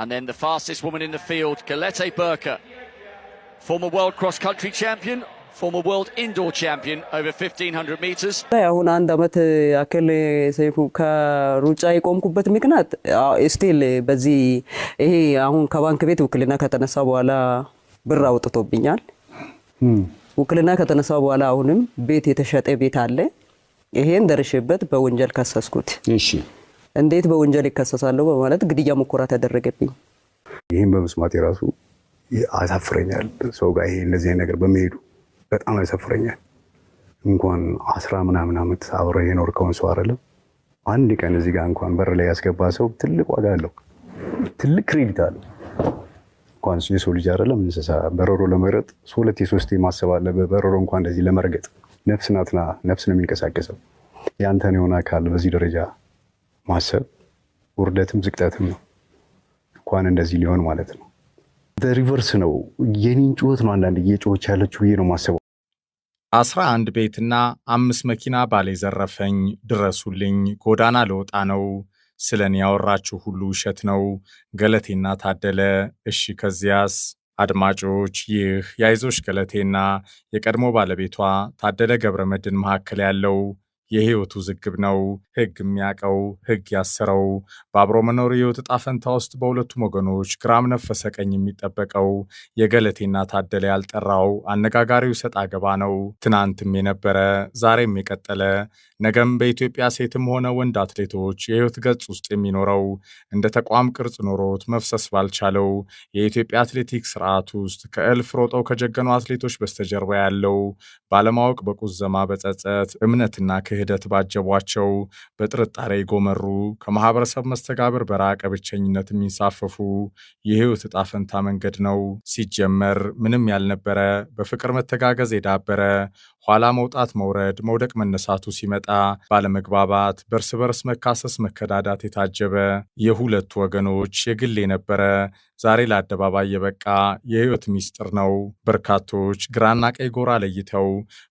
And then the fastest woman in the field, Galette Burka, former world cross-country champion, former world indoor champion over 1500 meters አሁን አንድ አመት ያክል ሰይፉ ከሩጫ የቆምኩበት ምክንያት ስቲል በዚህ ይሄ አሁን ከባንክ ቤት ውክልና ከተነሳ በኋላ ብር አውጥቶብኛል። ውክልና ከተነሳ በኋላ አሁንም ቤት የተሸጠ ቤት አለ። ይሄን ደርሽበት በወንጀል ከሰስኩት። እሺ እንዴት በወንጀል ይከሰሳለሁ በማለት ግድያ ሙከራ ተደረገብኝ። ይህም በመስማት የራሱ አሳፍረኛል ሰው ጋር ይሄ እንደዚህ ነገር በመሄዱ በጣም ያሳፍረኛል። እንኳን አስራ ምናምን ዓመት አብረህ የኖርከውን ሰው አይደለም አንድ ቀን እዚህ ጋር እንኳን በር ላይ ያስገባ ሰው ትልቅ ዋጋ አለው፣ ትልቅ ክሬዲት አለው። እንኳን የሰው ልጅ አይደለም እንስሳ በረሮ ለመረጥ ሁለት የሶስት ማሰብ አለ። በረሮ እንኳን እንደዚህ ለመርገጥ ነፍስ ናትና ነፍስ ነው የሚንቀሳቀሰው። ያንተን የሆነ አካል በዚህ ደረጃ ማሰብ ውርደትም ዝቅጠትም ነው። እንኳን እንደዚህ ሊሆን ማለት ነው። ሪቨርስ ነው። የኔን ጩኸት ነው አንዳንድ እየጮኸች ያለችው ብዬ ነው ማሰበው። አስራ አንድ ቤትና አምስት መኪና ባሌ ዘረፈኝ፣ ድረሱልኝ፣ ጎዳና ለወጣ ነው፣ ስለ እኔ ያወራችሁ ሁሉ ውሸት ነው። ገለቴና ታደለ። እሺ ከዚያስ? አድማጮች ይህ የአይዞሽ ገለቴና የቀድሞ ባለቤቷ ታደለ ገብረ መድን መካከል ያለው የህይወት ውዝግብ ነው። ህግ የሚያቀው ህግ ያሰረው በአብሮ መኖር ህይወት ጣፈንታ ፈንታ ውስጥ በሁለቱም ወገኖች ግራም ነፈሰ ቀኝ የሚጠበቀው የገለቴና ታደለ ያልጠራው አነጋጋሪው ሰጥ አገባ ነው። ትናንትም የነበረ ዛሬም የቀጠለ ነገም በኢትዮጵያ ሴትም ሆነ ወንድ አትሌቶች የህይወት ገጽ ውስጥ የሚኖረው እንደ ተቋም ቅርጽ ኖሮት መፍሰስ ባልቻለው የኢትዮጵያ አትሌቲክስ ስርዓት ውስጥ ከእልፍ ሮጠው ከጀገኑ አትሌቶች በስተጀርባ ያለው ባለማወቅ፣ በቁዘማ፣ በጸጸት እምነትና ክህ ክህደት ባጀቧቸው በጥርጣሬ ጎመሩ ከማህበረሰብ መስተጋብር በራቀ ብቸኝነት የሚንሳፈፉ የህይወት እጣ ፈንታ መንገድ ነው። ሲጀመር ምንም ያልነበረ በፍቅር መተጋገዝ የዳበረ ኋላ መውጣት መውረድ መውደቅ መነሳቱ ሲመጣ ባለመግባባት በእርስ በርስ መካሰስ መከዳዳት የታጀበ የሁለቱ ወገኖች የግል የነበረ ዛሬ ለአደባባይ የበቃ የህይወት ሚስጥር ነው። በርካቶች ግራና ቀይ ጎራ ለይተው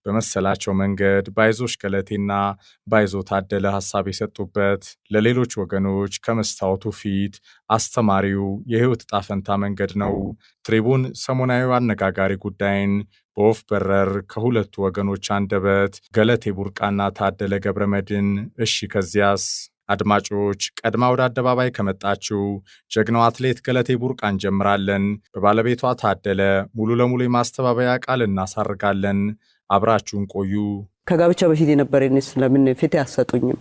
በመሰላቸው መንገድ ባይዞሽ ገለቴና ባይዞ ታደለ ሀሳብ የሰጡበት ለሌሎች ወገኖች ከመስታወቱ ፊት አስተማሪው የህይወት ጣፈንታ መንገድ ነው። ትሪቡን ሰሞናዊ አነጋጋሪ ጉዳይን በወፍ በረር ከሁለቱ ወገኖች አንደበት ገለቴ ቡርቃና ታደለ ገብረ መድን እሺ ከዚያስ አድማጮች ቀድማ ወደ አደባባይ ከመጣችው ጀግናው አትሌት ገለቴ ቡርቃ እንጀምራለን። በባለቤቷ ታደለ ሙሉ ለሙሉ የማስተባበያ ቃል እናሳርጋለን። አብራችሁን ቆዩ። ከጋብቻ በፊት የነበረ ስለምን ፊት አሰጡኝም።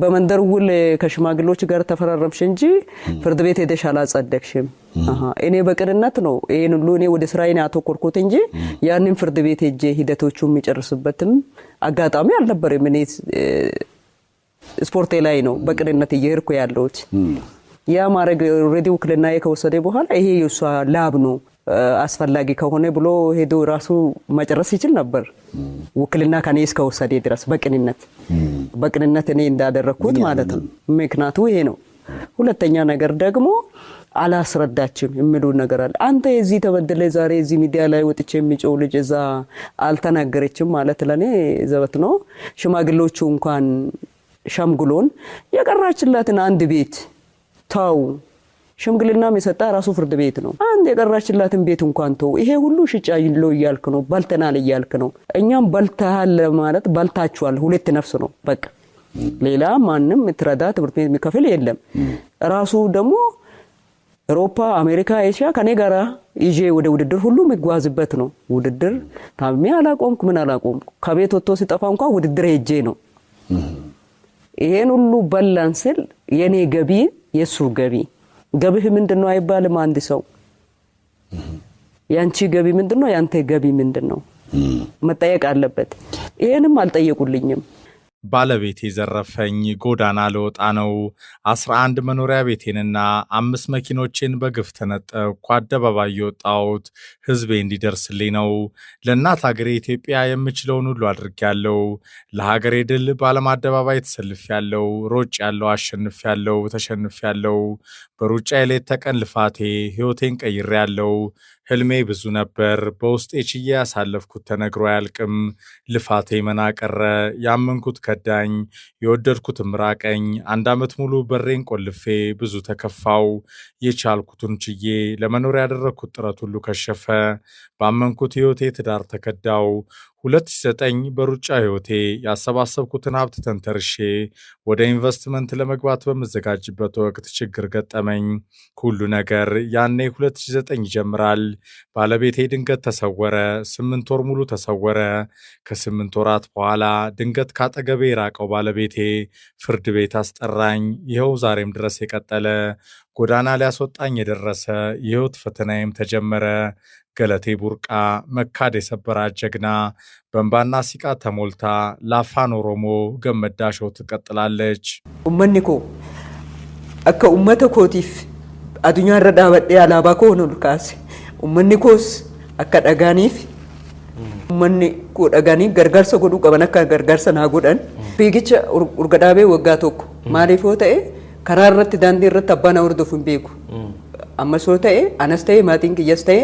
በመንደር ውል ከሽማግሎች ጋር ተፈራረምሽ እንጂ ፍርድ ቤት ሄደሽ አላጸደቅሽም። እኔ በቅንነት ነው ይህን ሁሉ እኔ ወደ ስራዬ ያተኮርኩት እንጂ ያንን ፍርድ ቤት ሄጄ ሂደቶቹ የሚጨርስበትም አጋጣሚ አልነበረም እኔ ስፖርቴ ላይ ነው በቅንነት እየሄድኩ ያለሁት። ያ ማድረግ ኦልሬዲ ውክልና ከወሰደ በኋላ ይሄ የእሷ ላብ ነው አስፈላጊ ከሆነ ብሎ ሄዶ ራሱ መጨረስ ይችል ነበር። ውክልና ከኔ እስከወሰደ ድረስ በቅንነት በቅንነት እኔ እንዳደረግኩት ማለት ነው። ምክንያቱ ይሄ ነው። ሁለተኛ ነገር ደግሞ አላስረዳችም የሚሉ ነገር አለ። አንተ የዚህ ተበደለ ዛሬ እዚህ ሚዲያ ላይ ወጥቼ የሚጮው ልጅ እዛ አልተናገረችም ማለት ለእኔ ዘበት ነው። ሽማግሌዎቹ እንኳን ሸምግሎን የቀራችላትን አንድ ቤት ተው። ሽምግልናም የሰጠ ራሱ ፍርድ ቤት ነው። አንድ የቀራችላትን ቤት እንኳን ተው። ይሄ ሁሉ ሽጫ ይለው እያልክ ነው፣ በልተናል እያልክ ነው። እኛም በልተሃል ማለት በልታችኋል። ሁለት ነፍስ ነው በቃ። ሌላ ማንም የምትረዳ ትምህርት ቤት የሚከፍል የለም። ራሱ ደግሞ አውሮፓ፣ አሜሪካ፣ ኤሽያ ከኔ ጋር ይዤ ወደ ውድድር ሁሉ የሚጓዝበት ነው። ውድድር ታምሜ አላቆምኩ ምን አላቆምኩ። ከቤት ወጥቶ ሲጠፋ እንኳ ውድድር ሄጄ ነው ይሄን ሁሉ በላን ስል የእኔ ገቢ የሱ ገቢ ገቢህ ምንድን ነው አይባልም። አንድ ሰው ያንቺ ገቢ ምንድን ነው፣ ያንተ ገቢ ምንድን ነው መጠየቅ አለበት። ይሄንም አልጠየቁልኝም። ባለቤት የዘረፈኝ ጎዳና ልወጣ ነው። አስራ አንድ መኖሪያ ቤቴንና አምስት መኪኖቼን በግፍ ተነጠቅኩ። አደባባይ የወጣሁት ሕዝቤ እንዲደርስልኝ ነው። ለእናት ሀገሬ ኢትዮጵያ የምችለውን ሁሉ አድርጌያለሁ። ለሀገሬ ድል በዓለም አደባባይ ተሰልፌያለሁ። ሮጭ ያለው አሸንፌያለሁ፣ ተሸንፌያለሁ። በሩጫ የሌት ተቀን ልፋቴ ሕይወቴን ቀይሬያለሁ። ህልሜ ብዙ ነበር። በውስጤ ችዬ ያሳለፍኩት ተነግሮ አያልቅም። ልፋቴ መና ቀረ። ያመንኩት ከዳኝ፣ የወደድኩትም ራቀኝ። አንድ ዓመት ሙሉ በሬን ቆልፌ ብዙ ተከፋው። የቻልኩትን ችዬ ለመኖር ያደረግኩት ጥረት ሁሉ ከሸፈ። ባመንኩት ህይወቴ ትዳር ተከዳው። 2009 በሩጫ ህይወቴ ያሰባሰብኩትን ሀብት ተንተርሼ ወደ ኢንቨስትመንት ለመግባት በምዘጋጅበት ወቅት ችግር ገጠመኝ። ሁሉ ነገር ያኔ 2009 ይጀምራል። ባለቤቴ ድንገት ተሰወረ። ስምንት ወር ሙሉ ተሰወረ። ከስምንት ወራት በኋላ ድንገት ካጠገቤ የራቀው ባለቤቴ ፍርድ ቤት አስጠራኝ። ይኸው ዛሬም ድረስ የቀጠለ ጎዳና ሊያስወጣኝ የደረሰ የሕይወት ፈተናዬም ተጀመረ። ገለቴ ቡርቃ መካድ የሰበራ ጀግና በእንባና ሲቃ ተሞልታ ለአፋን ኦሮሞ ገመዳ ሾው ትቀጥላለች። ኡመኒ ኮ አከ ኡመተ ኮቲፍ አዱኛ ረዳ በጤ አላባ ኮ ሆኖ ልካሴ ኡመኒ ኮስ አከ ደጋኒፍ ኡመኒ ኮ ደጋኒፍ ገርጋርሰ ጎዱ ቀበነካ አከ ገርጋርሰ ና ጎደን ኡርገዳቤ ወጋ ቶኮ ማሊፎ ተኤ karaa irratti daandii irratti abbaan hordofu hin beeku. Ammas yoo ta'e anas ta'e maatiin kiyyas ta'e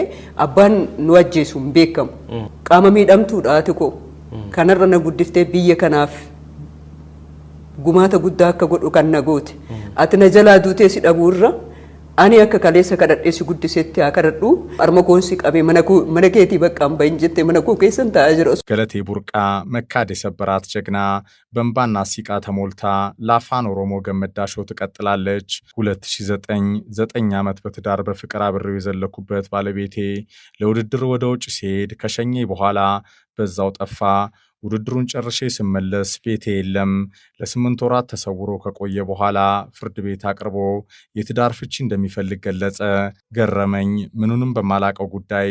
abbaan nu ajjeesu hin beekamu. Qaama miidhamtuudha ati koo kanarra na guddiftee biyya kanaaf gumaata guddaa akka godhu kan na goote ati na jalaa duutee si dhabuu irra. ani akka kaleessa kadhadhee si guddisetti haa kadhadhu harma koonsi qabee mana keetii baqqaan bahin jettee mana koo keessan taa'aa jira. Galatee Burqaa Mekkaadee Sebbiraat ጀግና በእንባና ሲቃ ተሞልታ ለአፋን ኦሮሞ ገመዳ ሾው ትቀጥላለች። 2009 9 ዓመት በትዳር በፍቅር አብሬው የዘለኩበት ባለቤቴ ለውድድር ወደ ውጭ ሲሄድ ከሸኘ በኋላ በዛው ጠፋ። ውድድሩን ጨርሼ ስመለስ ቤቴ የለም። ለስምንት ወራት ተሰውሮ ከቆየ በኋላ ፍርድ ቤት አቅርቦ የትዳር ፍቺ እንደሚፈልግ ገለጸ። ገረመኝ። ምኑንም በማላቀው ጉዳይ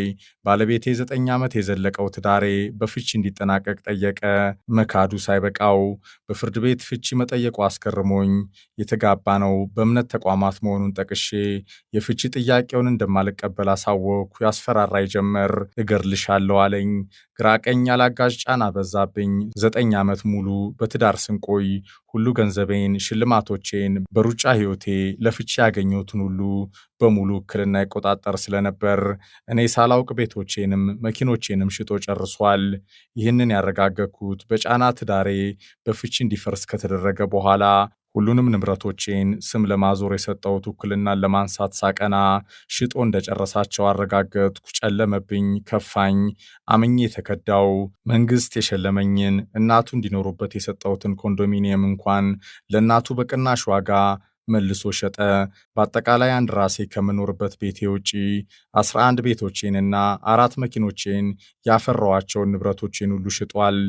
ባለቤቴ ዘጠኝ ዓመት የዘለቀው ትዳሬ በፍቺ እንዲጠናቀቅ ጠየቀ። መካዱ ሳይበቃው በፍርድ ቤት ፍቺ መጠየቁ አስገርሞኝ የተጋባ ነው በእምነት ተቋማት መሆኑን ጠቅሼ የፍቺ ጥያቄውን እንደማልቀበል አሳወቅኩ። ያስፈራራይ ጀመር። እገርልሻለሁ አለኝ። ግራቀኝ አላጋዥ ጫና በዛ በበዛብኝ ዘጠኝ ዓመት ሙሉ በትዳር ስንቆይ ሁሉ ገንዘቤን፣ ሽልማቶቼን፣ በሩጫ ህይወቴ ለፍቺ ያገኘሁትን ሁሉ በሙሉ እክልና ይቆጣጠር ስለነበር እኔ ሳላውቅ ቤቶቼንም መኪኖቼንም ሽጦ ጨርሷል። ይህንን ያረጋገኩት በጫና ትዳሬ በፍቺ እንዲፈርስ ከተደረገ በኋላ ሁሉንም ንብረቶቼን ስም ለማዞር የሰጠሁት ውክልናን ለማንሳት ሳቀና ሽጦ እንደጨረሳቸው አረጋገጥኩ። ጨለመብኝ፣ ከፋኝ፣ አምኜ የተከዳው መንግስት የሸለመኝን እናቱ እንዲኖሩበት የሰጠሁትን ኮንዶሚኒየም እንኳን ለእናቱ በቅናሽ ዋጋ መልሶ ሸጠ። በአጠቃላይ አንድ ራሴ ከምኖርበት ቤቴ ውጪ 11 ቤቶቼንና አራት መኪኖቼን ያፈራዋቸውን ንብረቶቼን ሁሉ ሽጧል።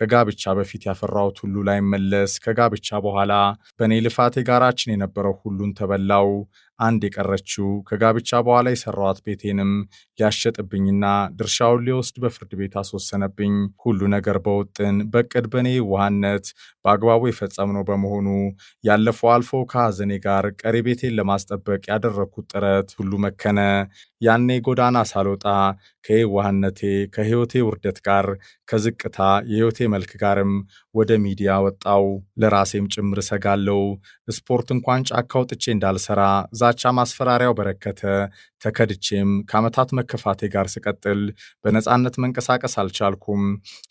ከጋብቻ በፊት ያፈራሁት ሁሉ ላይመለስ፣ ከጋብቻ በኋላ በእኔ ልፋት የጋራችን የነበረው ሁሉን ተበላው። አንድ የቀረችው ከጋብቻ በኋላ የሰራዋት ቤቴንም ሊያሸጥብኝና ድርሻውን ሊወስድ በፍርድ ቤት አስወሰነብኝ። ሁሉ ነገር በውጥን በቅድ በኔ ውሃነት በአግባቡ የፈጸምነው በመሆኑ ያለፈው አልፎ ከሐዘኔ ጋር ቀሪ ቤቴን ለማስጠበቅ ያደረግኩት ጥረት ሁሉ መከነ። ያኔ ጎዳና ሳልወጣ ከየዋህነቴ ከህይወቴ ውርደት ጋር ከዝቅታ የህይወቴ መልክ ጋርም ወደ ሚዲያ ወጣው። ለራሴም ጭምር እሰጋለው ስፖርት እንኳን ጫካ ወጥቼ እንዳልሰራ ዛቻ ማስፈራሪያው በረከተ። ተከድቼም ከዓመታት መከፋቴ ጋር ስቀጥል በነፃነት መንቀሳቀስ አልቻልኩም።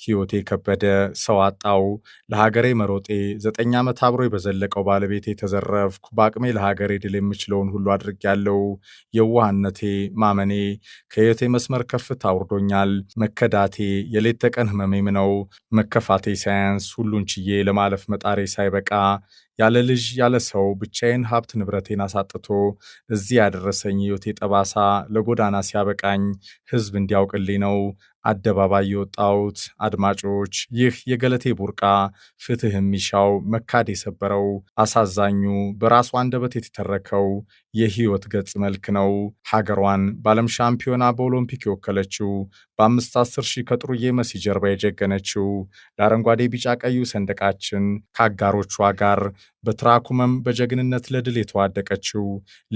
ሕይወቴ ከበደ፣ ሰው አጣው። ለሀገሬ መሮጤ ዘጠኝ ዓመት አብሮ በዘለቀው ባለቤቴ ተዘረፍኩ። በአቅሜ ለሀገሬ ድል የምችለውን ሁሉ አድርጌያለሁ። የዋህነቴ፣ ማመኔ ከሕይወቴ መስመር ከፍታ አውርዶኛል። መከዳቴ የሌት ተቀን ህመሜም ነው። መከፋቴ ሳያንስ ሁሉን ችዬ ለማለፍ መጣሬ ሳይበቃ ያለ ልጅ ያለ ሰው ብቻዬን ሀብት ንብረቴን አሳጥቶ እዚህ ያደረሰኝ ህይወቴ ጠባሳ ለጎዳና ሲያበቃኝ ህዝብ እንዲያውቅልኝ ነው። አደባባይ የወጣሁት አድማጮች፣ ይህ የገለቴ ቡርቃ ፍትህ የሚሻው መካድ የሰበረው አሳዛኙ በራሱ አንደበት የተተረከው የህይወት ገጽ መልክ ነው። ሀገሯን በዓለም ሻምፒዮና በኦሎምፒክ የወከለችው በአምስት አስር ሺህ ከጥሩዬ መሲ ጀርባ የጀገነችው ለአረንጓዴ ቢጫ ቀዩ ሰንደቃችን ከአጋሮቿ ጋር በትራኩመም በጀግንነት ለድል የተዋደቀችው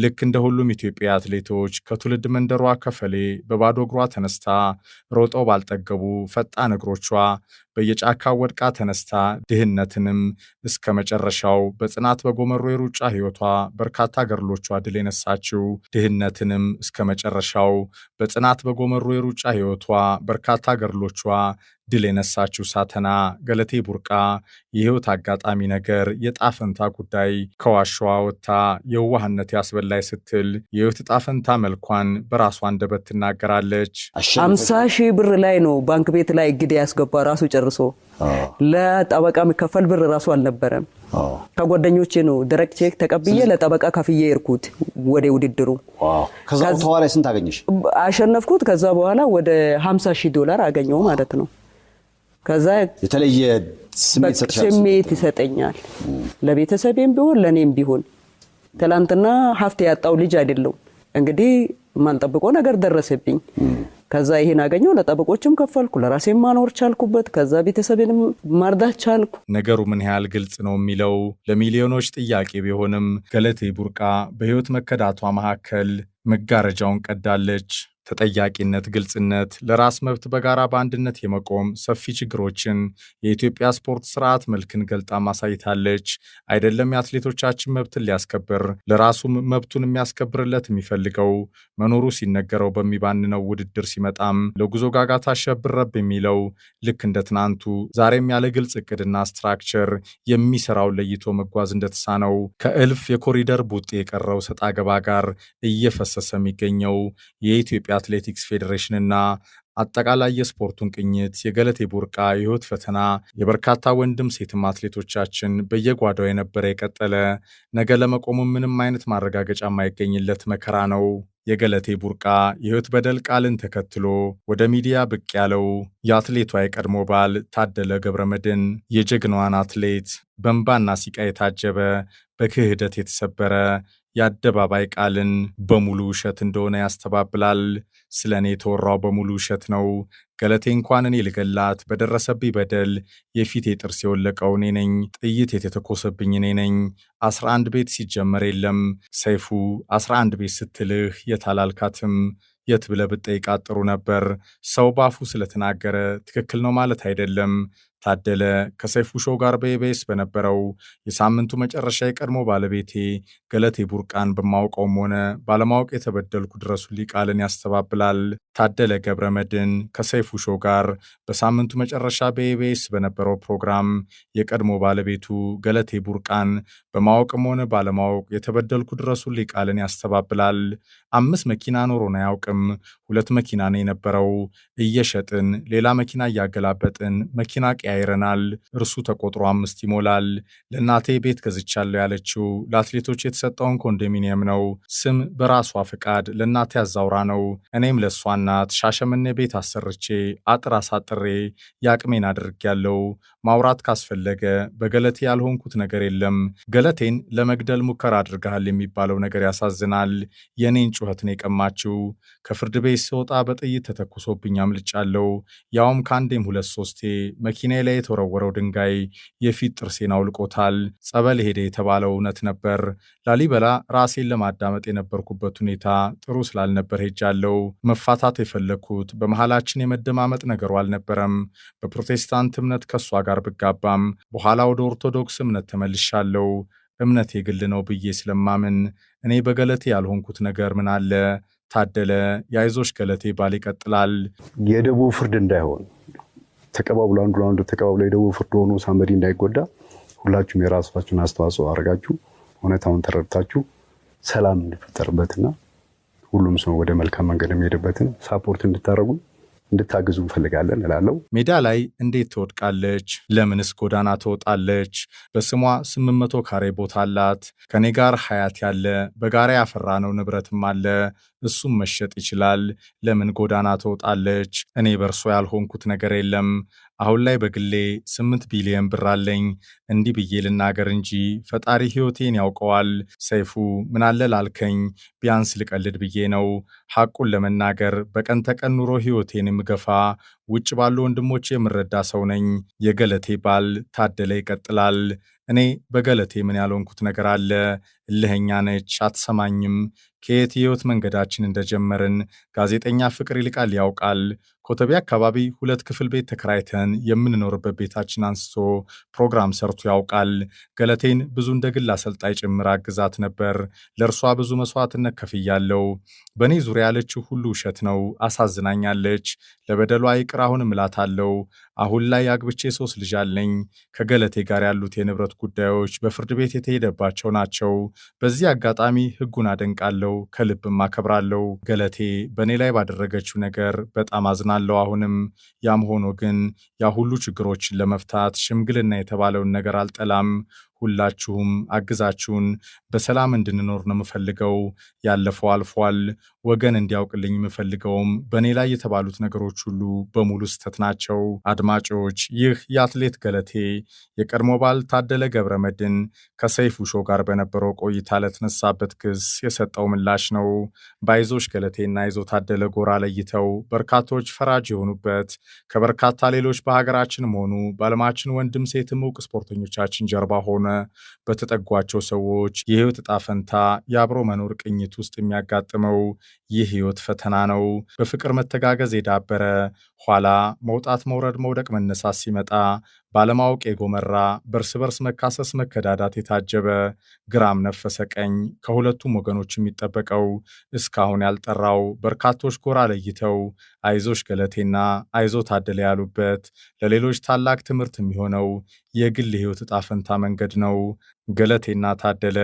ልክ እንደ ሁሉም ኢትዮጵያ አትሌቶች ከትውልድ መንደሯ ከፈሌ በባዶ እግሯ ተነስታ ሮጠው ባልጠገቡ ፈጣን እግሮቿ በየጫካ ወድቃ ተነስታ ድህነትንም እስከ መጨረሻው በጽናት በጎመሮ የሩጫ ህይወቷ በርካታ ገድሎቿ ድል የነሳችው ድህነትንም እስከ መጨረሻው በጽናት በጎመሮ የሩጫ ህይወቷ በርካታ ገድሎቿ ድል የነሳችው ሳተና ገለቴ ቡርቃ የህይወት አጋጣሚ ነገር የጣፈንታ ጉዳይ ከዋሻዋ ወጥታ የዋህነት ያስበላይ ስትል የህይወት ጣፈንታ መልኳን በራሷ አንደበት ትናገራለች። አምሳ ሺህ ብር ላይ ነው ባንክ ቤት ላይ እግድ ያስገባ ራሱ ጨርሶ ለጠበቃ የሚከፈል ብር ራሱ አልነበረም። ከጓደኞቼ ነው ደረቅ ቼክ ተቀብዬ ለጠበቃ ከፍዬ ይርኩት ወደ ውድድሩ። ከዛ ስንት አገኘሽ? አሸነፍኩት። ከዛ በኋላ ወደ 50 ሺህ ዶላር አገኘው ማለት ነው። ከዛ የተለየ ስሜት ይሰጠኛል። ለቤተሰቤም ቢሆን ለእኔም ቢሆን ትላንትና ሀፍት ያጣው ልጅ አይደለሁም። እንግዲህ ማንጠብቆ ነገር ደረሰብኝ። ከዛ ይሄን አገኘው፣ ለጠበቆችም ከፈልኩ፣ ለራሴ ማኖር ቻልኩበት። ከዛ ቤተሰብንም ማርዳት ቻልኩ። ነገሩ ምን ያህል ግልጽ ነው የሚለው ለሚሊዮኖች ጥያቄ ቢሆንም ገለቴ ቡርቃ በህይወት መከዳቷ መካከል መጋረጃውን ቀዳለች። ተጠያቂነት፣ ግልጽነት፣ ለራስ መብት በጋራ በአንድነት የመቆም ሰፊ ችግሮችን የኢትዮጵያ ስፖርት ስርዓት መልክን ገልጣ ማሳይታለች። አይደለም የአትሌቶቻችን መብትን ሊያስከብር ለራሱም መብቱን የሚያስከብርለት የሚፈልገው መኖሩ ሲነገረው በሚባንነው ውድድር ሲመጣም ለጉዞ ጋጋ ሸብረብ የሚለው ልክ እንደ ትናንቱ ዛሬም ያለ ግልጽ እቅድና ስትራክቸር የሚሰራው ለይቶ መጓዝ እንደተሳነው ከእልፍ የኮሪደር ቡጤ የቀረው ሰጣ ገባ ጋር እየፈሰሰ የሚገኘው የኢትዮጵያ የኢትዮጵያ አትሌቲክስ ፌዴሬሽንና አጠቃላይ የስፖርቱን ቅኝት፣ የገለቴ ቡርቃ የህይወት ፈተና፣ የበርካታ ወንድም ሴትም አትሌቶቻችን በየጓዳው የነበረ የቀጠለ ነገ ለመቆሙ ምንም አይነት ማረጋገጫ የማይገኝለት መከራ ነው። የገለቴ ቡርቃ የህይወት በደል ቃልን ተከትሎ ወደ ሚዲያ ብቅ ያለው የአትሌቷ የቀድሞ ባል ታደለ ገብረመድን የጀግናዋን አትሌት በእንባና ሲቃ የታጀበ በክህደት የተሰበረ የአደባባይ ቃልን በሙሉ ውሸት እንደሆነ ያስተባብላል። ስለ እኔ የተወራው በሙሉ ውሸት ነው። ገለቴ እንኳን እኔ ልገላት፣ በደረሰብኝ በደል የፊቴ ጥርስ የወለቀው እኔ ነኝ። ጥይት የተተኮሰብኝ እኔ ነኝ። አስራ አንድ ቤት ሲጀመር የለም ሰይፉ አስራ አንድ ቤት ስትልህ የታላልካትም የት ብለህ ብትጠይቃት ጥሩ ነበር። ሰው ባፉ ስለተናገረ ትክክል ነው ማለት አይደለም። ታደለ ከሰይፉ ሾው ጋር በኢቢኤስ በነበረው የሳምንቱ መጨረሻ የቀድሞ ባለቤቴ ገለቴ ቡርቃን በማውቀውም ሆነ ባለማወቅ የተበደልኩ ድረሱልኝ ቃልን ያስተባብላል። ታደለ ገብረ መድን ከሰይፉ ሾው ጋር በሳምንቱ መጨረሻ በኢቢኤስ በነበረው ፕሮግራም የቀድሞ ባለቤቱ ገለቴ ቡርቃን በማወቅም ሆነ ባለማወቅ የተበደልኩ ድረሱልኝ ቃልን ያስተባብላል። አምስት መኪና ኖሮን አያውቅም። ሁለት መኪና ነው የነበረው። እየሸጥን ሌላ መኪና እያገላበጥን መኪና ቀያ ይረናል። እርሱ ተቆጥሮ አምስት ይሞላል። ለእናቴ ቤት ገዝቻለሁ ያለችው ለአትሌቶች የተሰጠውን ኮንዶሚኒየም ነው። ስም በራሷ ፈቃድ ለእናቴ አዛውራ ነው። እኔም ለእሷ እናት ሻሸመኔ ቤት አሰርቼ አጥር አሳጥሬ የአቅሜን አድርጌያለሁ። ማውራት ካስፈለገ በገለቴ ያልሆንኩት ነገር የለም። ገለቴን ለመግደል ሙከራ አድርገሃል የሚባለው ነገር ያሳዝናል። የእኔን ጩኸትን የቀማችው ከፍርድ ቤት ሲወጣ በጥይት ተተኩሶብኝ አምልጫለሁ። ያውም ከአንዴም ሁለት ሶስቴ መኪና ላይ የተወረወረው ድንጋይ የፊት ጥርሴን አውልቆታል። ጸበል ሄደ የተባለው እውነት ነበር። ላሊበላ ራሴን ለማዳመጥ የነበርኩበት ሁኔታ ጥሩ ስላልነበር ሄጃለው። መፋታት የፈለግኩት በመሃላችን የመደማመጥ ነገሩ አልነበረም። በፕሮቴስታንት እምነት ከእሷ ጋር ብጋባም በኋላ ወደ ኦርቶዶክስ እምነት ተመልሻለው። እምነት ግል ነው ብዬ ስለማምን እኔ በገለቴ ያልሆንኩት ነገር ምን አለ ታደለ። የአይዞሽ ገለቴ ባል ይቀጥላል። የደቡብ ፍርድ እንዳይሆን ተቀባብሎ አንዱ ለአንዱ ተቀባብሎ የደቡብ ፍርድ ሆኖ ሳመዲ እንዳይጎዳ ሁላችሁም የራሳችሁን አስተዋጽኦ አድርጋችሁ እውነታውን ተረድታችሁ ሰላም እንዲፈጠርበትና ሁሉም ሰው ወደ መልካም መንገድ የሚሄድበትን ሳፖርት እንድታደረጉን እንድታግዙ እንፈልጋለን እላለው። ሜዳ ላይ እንዴት ትወድቃለች? ለምንስ ጎዳና ትወጣለች? በስሟ 800 ካሬ ቦታ አላት። ከኔ ጋር ሀያት ያለ በጋራ ያፈራነው ንብረትም አለ። እሱም መሸጥ ይችላል። ለምን ጎዳና ትወጣለች? እኔ በእርሶ ያልሆንኩት ነገር የለም። አሁን ላይ በግሌ ስምንት ቢሊየን ብር አለኝ። እንዲህ ብዬ ልናገር እንጂ ፈጣሪ ሕይወቴን ያውቀዋል። ሰይፉ ምናለ ላልከኝ ቢያንስ ልቀልድ ብዬ ነው። ሐቁን ለመናገር በቀን ተቀን ኑሮ ሕይወቴን የምገፋ ውጭ ባሉ ወንድሞች የምረዳ ሰው ነኝ። የገለቴ ባል ታደለ ይቀጥላል። እኔ በገለቴ ምን ያልሆንኩት ነገር አለ? እልህኛ ነች፣ አትሰማኝም ከየት የህይወት መንገዳችን እንደጀመርን ጋዜጠኛ ፍቅር ይልቃል ያውቃል። ኮተቤ አካባቢ ሁለት ክፍል ቤት ተከራይተን የምንኖርበት ቤታችን አንስቶ ፕሮግራም ሰርቶ ያውቃል። ገለቴን ብዙ እንደ ግል አሰልጣኝ ጭምር አግዛት ነበር። ለእርሷ ብዙ መስዋዕትነት ከፍያለው። በእኔ ዙሪያ ያለችው ሁሉ ውሸት ነው። አሳዝናኛለች። ለበደሏ ይቅር አሁን አለው። አሁን ላይ አግብቼ ሶስት ልጅ አለኝ። ከገለቴ ጋር ያሉት የንብረት ጉዳዮች በፍርድ ቤት የተሄደባቸው ናቸው። በዚህ አጋጣሚ ህጉን አደንቃለሁ፣ ከልብም አከብራለሁ። ገለቴ በእኔ ላይ ባደረገችው ነገር በጣም አዝናለሁ። አሁንም ያም ሆኖ ግን ያ ሁሉ ችግሮችን ለመፍታት ሽምግልና የተባለውን ነገር አልጠላም። ሁላችሁም አግዛችሁን በሰላም እንድንኖር ነው የምፈልገው። ያለፈው አልፏል። ወገን እንዲያውቅልኝ የምፈልገውም በእኔ ላይ የተባሉት ነገሮች ሁሉ በሙሉ ስህተት ናቸው። አድማጮች፣ ይህ የአትሌት ገለቴ የቀድሞ ባል ታደለ ገብረ መድን ከሰይፉ ውሾ ጋር በነበረው ቆይታ ለተነሳበት ክስ የሰጠው ምላሽ ነው። ባይዞሽ ገለቴና ይዞ ታደለ ጎራ ለይተው በርካቶች ፈራጅ የሆኑበት ከበርካታ ሌሎች በሀገራችንም ሆኑ በዓለማችን ወንድም ሴትም እውቅ ስፖርተኞቻችን ጀርባ ሆነ በተጠጓቸው ሰዎች የህይወት እጣ ፈንታ የአብሮ መኖር ቅኝት ውስጥ የሚያጋጥመው ይህ ህይወት ፈተና ነው። በፍቅር መተጋገዝ የዳበረ ኋላ መውጣት፣ መውረድ፣ መውደቅ፣ መነሳት ሲመጣ ባለማወቅ የጎመራ በእርስ በርስ መካሰስ፣ መከዳዳት የታጀበ ግራም ነፈሰ ቀኝ ከሁለቱም ወገኖች የሚጠበቀው እስካሁን ያልጠራው በርካቶች ጎራ ለይተው አይዞሽ ገለቴና አይዞ ታደለ ያሉበት ለሌሎች ታላቅ ትምህርት የሚሆነው የግል ሕይወት ዕጣ ፈንታ መንገድ ነው። ገለቴና ታደለ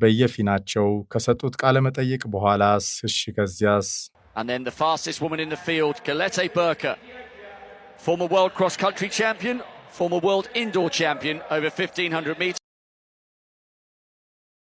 በየፊናቸው ከሰጡት ቃለ መጠይቅ በኋላስ እሺ ከዚያስ And former world indoor champion over 1,500 metres.